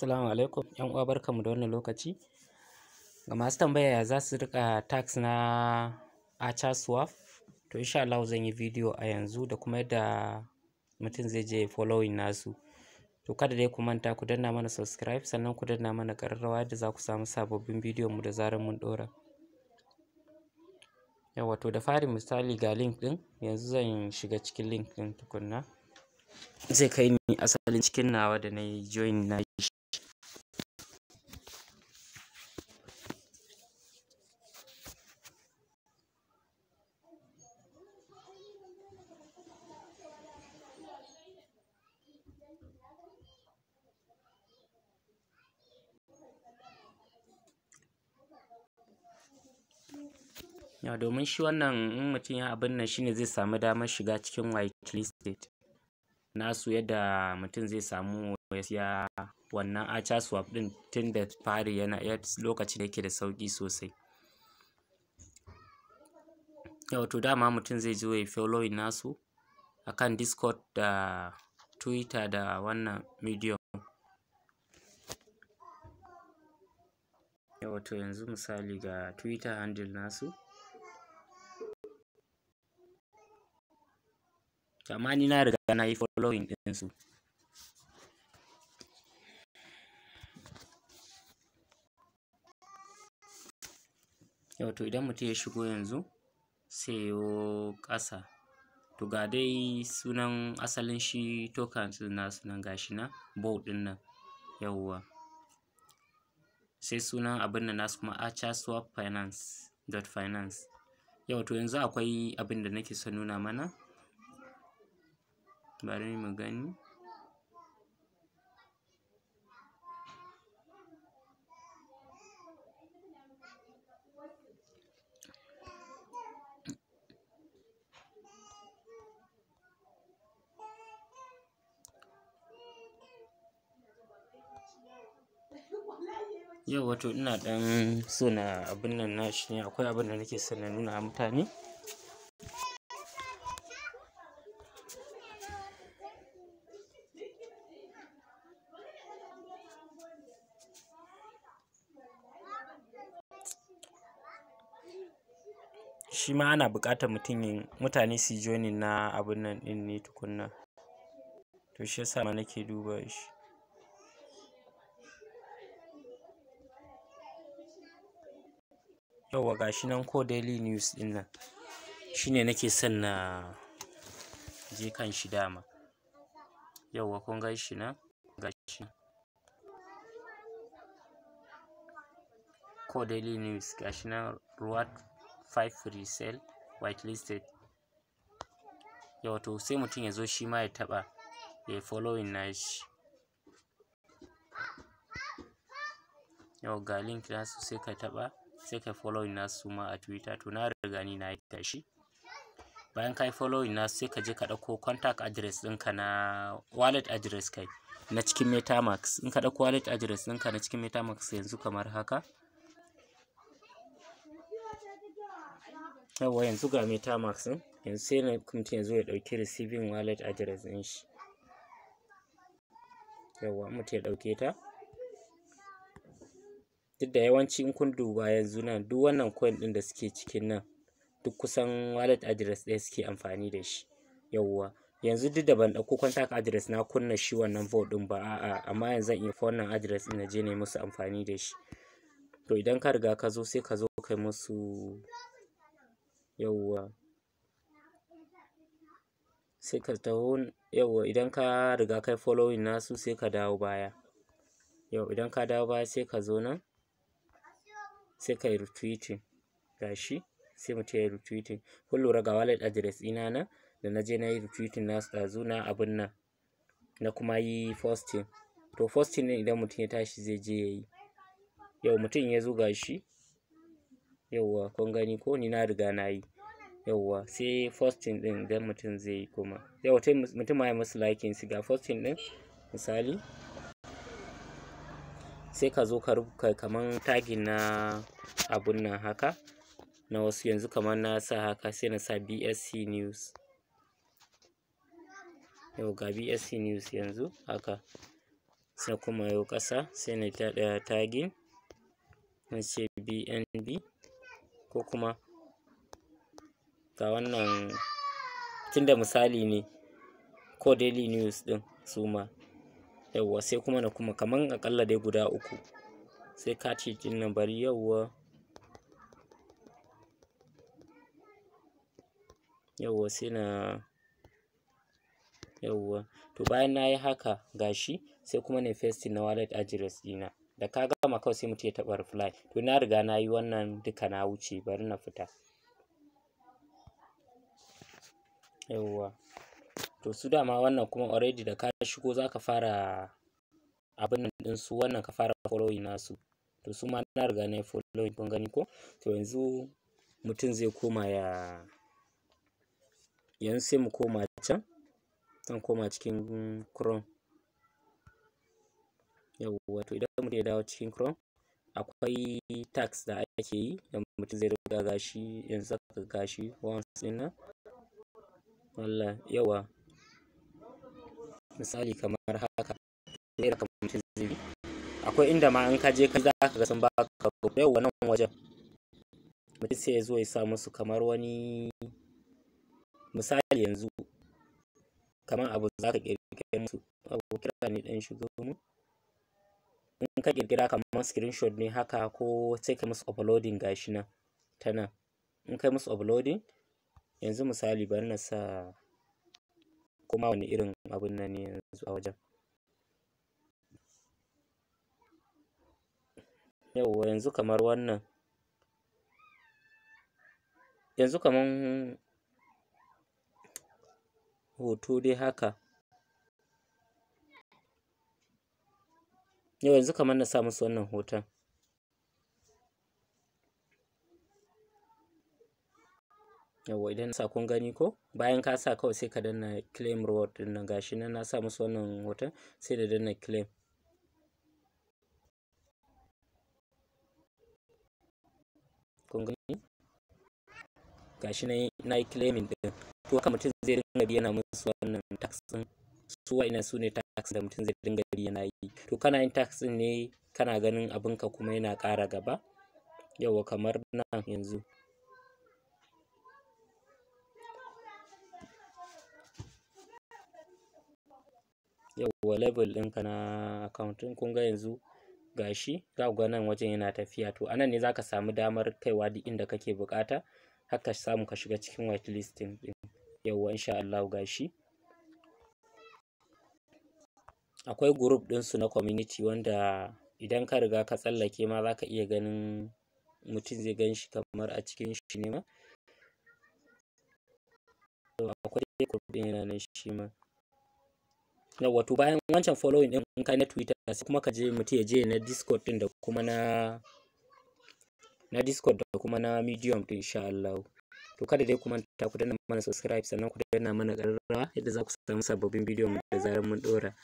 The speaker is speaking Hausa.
Assalamu alaikum ‘yan uwa barkanmu da wannan lokaci. Ga masu tambaya ya za su riƙa tax na Acha to insha Allah zan yi bidiyo a yanzu da kuma yadda mutum zai je following nasu. To kada dai ku manta ku danna mana subscribe sannan ku danna mana ƙararrawa yadda za ku samu sababbin bidiyon mu da zarar mun ɗora. Yawwa to da fari misali ga link ɗin yanzu zan shiga cikin link ɗin tukunna. Zai kai ni asalin cikin nawa da na yi join na Ya domin shi wannan in mutum ya abin nan shi ne zai samu damar shiga cikin whitelisted nasu yadda mutum zai samu ya siya wannan acha swap din tun da fari yana lokacin da yake da sauki sosai ya wato dama mutum zai zo ya following nasu akan discord da twitter da wannan medium ya wato yanzu misali ga twitter handle nasu So, amma ni na riga na yi following ɗin su yau to idan mutum ya shigo yanzu sai yo ƙasa to ga dai sunan asalin shi token na sunan gashi na bowl ɗin nan yawwa sai sunan abin da nasu kuma Archerswap finance dot finance yau to yanzu akwai abin da nake son nuna mana bari mu gani Yau wato ina ɗan so na abin nan nashi ne akwai abin da nake so na nuna wa mutane shi ma ana buƙatar mutum mutane su yi joni na abin nan ɗin ne tukunna to shi yasa ma nake duba shi Yau ga shi nan ko daily news ɗin nan shi ne nake son na je kan shi dama yauwa kun ga shi nan ga shi ko daily news ga shi nan ruwa five free sale whitelisted to sai mutum ya zo shi ma ya taɓa ya yi following shi. yau ga link nasu sai ka taɓa sai ka following nasu ma a twitter to na riga ni na yi tashi bayan ka yi following nasu sai ka je ka dauko contact address ɗinka na wallet address kai na cikin metamax in ka dauko wallet address ɗinka na cikin metamax yanzu kamar haka yawwa yanzu ga max ɗin yanzu sai na kuma yanzu ya ɗauki receiving wallet address ɗin shi yawwa mutum ya ɗauke ta duk da yawanci in kun duba yanzu nan duk wannan coin din da suke cikin nan duk kusan wallet address ɗaya suke amfani da shi yawwa yanzu duk da ban ɗauko contact address na kunna shi wannan vote ɗin ba a'a amma yanzu zan iya wannan address ɗin na je ne musu amfani da shi to idan ka riga ka zo sai ka zo kai musu yauwa sai ka taho yauwa idan ka riga kai following nasu sai ka dawo baya yau idan ka dawo baya sai ka zo nan sai ka yi retweeting gashi sai mutum ya yi retweeting kun lura wallet address ina nan da na je na yi retweeting nasu ɗazu na abin nan na kuma yi posting to posting ɗin idan mutum ya tashi zai je ya yi yau mutum ya zo gashi yauwa kun gani ko ni na riga na yi yauwa sai fostin ɗin idan mutum zai yi kuma yauwa mutum ma ya musu liking su ga posting ɗin misali sai ka zo ka rubuta kaman tagin na abun nan haka na wasu yanzu kamar na sa haka sai na sa BSC news yau ga BSC news yanzu haka sai kuma yau ƙasa sai na ta eh, tagin na ce BNB ko kuma ga wannan tunda misali ne ko daily news ɗin su ma yauwa sai kuma na kuma kaman akalla dai guda uku sai ka ce ɗin nan bari yauwa yauwa sai na yauwa. to bayan na yi haka gashi sai kuma na yi na wallet address ɗina da ka gama kawai sai mutum ya taɓa reply to na riga na yi wannan duka na wuce bari na fita yawwa to su dama wannan kuma already da ka shigo za ka fara abin din su wannan ka fara following nasu to su ma na riga na yi following kun gani ko to yanzu mutum zai koma ya yanzu sai mu koma can zan koma cikin chrome yawwa to idan mutum ya dawo cikin chrome akwai tax da ake yi da mutum zai riga gashi yanzu zaka gashi once din nan wala yawa misali kamar haka ɗaya kamar mutum zai bi akwai inda ma in ka je kai za ka ga sun baka rubutu yawa nan wajen mutum sai ya zo ya sa musu kamar wani misali yanzu kamar abu za ka kirkira musu abu kira ne ɗan shigo mu in ka ƙirƙira kamar screenshot ne haka ko sai kai musu uploading gashi nan ta nan in kai musu uploading yanzu misali bari na sa kuma wani irin abun nan ne yanzu a wajen yauwa yanzu kamar wannan yanzu kamar hoto dai haka yau yanzu kamar na sa musu wannan hoton yawwa idan sa kun gani ko bayan ka sa kawai sai ka danna claim reward din nan gashi nan na sa musu wannan hoton sai da danna claim kun gani gashi nan na yi claiming din to haka mutum zai dinga biyan musu wannan tax su wa'ina su ne tax da mutum zai dinga yana yi to kana yin tax ne kana ganin abinka kuma yana ƙara gaba yawa kamar nan yanzu yawa level ɗinka na account kun ga yanzu gashi za ku ga nan wajen yana tafiya to anan ne za ka samu damar kaiwa duk inda kake bukata har samu ka shiga cikin whitelist ɗin yawa insha Allah gashi akwai group ɗinsu na community wanda idan ka riga ka tsallake ma za ka iya ganin mutum zai gan shi kamar a cikin shi ne ma akwai group din yana nan shi ma na wato bayan wancan following ɗin ka na twitter sai kuma ka je mutum ya je na discord ɗin da kuma na na discord da kuma na medium ɗin insha Allah to kada dai ku manta ku danna mana subscribe sannan ku danna mana ƙararrawa yadda za ku samu sababbin bidiyon da zarar mun ɗora